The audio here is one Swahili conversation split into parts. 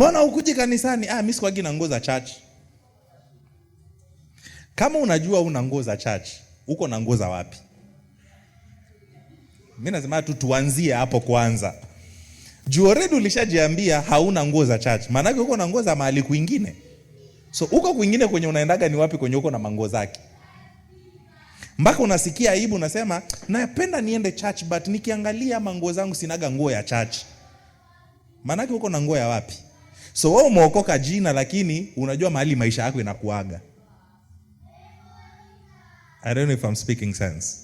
Mbona ukuji kanisani? Ah, mimi sikwagi na nguo za church. Kama unajua una nguo za church, uko na nguo za wapi? Mimi nasema tu tuanzie hapo kwanza. Juu already ulishajiambia hauna nguo za church. Maana uko na nguo za mahali kwingine. So uko kwingine kwenye unaendaga ni wapi kwenye uko na manguo zake? Mpaka unasikia aibu unasema napenda niende church but nikiangalia manguo zangu sinaga nguo ya church. Maana yake uko na nguo ya wapi? So wewe umeokoka jina, lakini unajua mahali maisha yako inakuaga. I don't know if I'm speaking sense.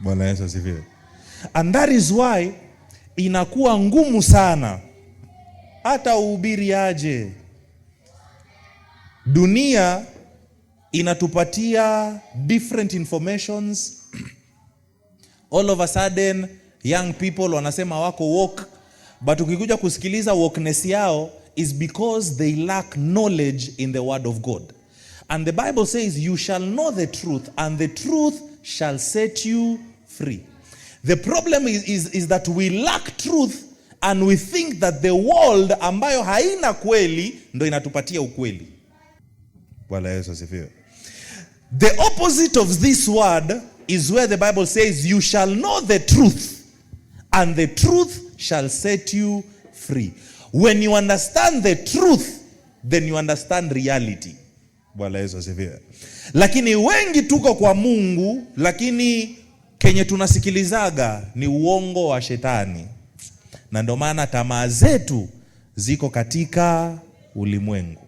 Bwana Yesu asifiwe. And that is why inakuwa ngumu sana hata uhubiri aje. Dunia inatupatia different informations all of a sudden young people wanasema wako woke but ukikuja kusikiliza wokness yao is because they lack knowledge in the word of God and the Bible says you shall know the truth and the truth shall set you free the problem is, is, is that we lack truth and we think that the world ambayo haina kweli ndo inatupatia ukweli. Bwana Yesu asifiwe. The opposite of this word is where the Bible says you shall know the truth and the truth shall set you free. When you understand the truth, then you understand reality. Bwana Yesu asifiwe. Lakini wengi tuko kwa Mungu, lakini kenye tunasikilizaga ni uongo wa shetani, na ndio maana tamaa zetu ziko katika ulimwengu.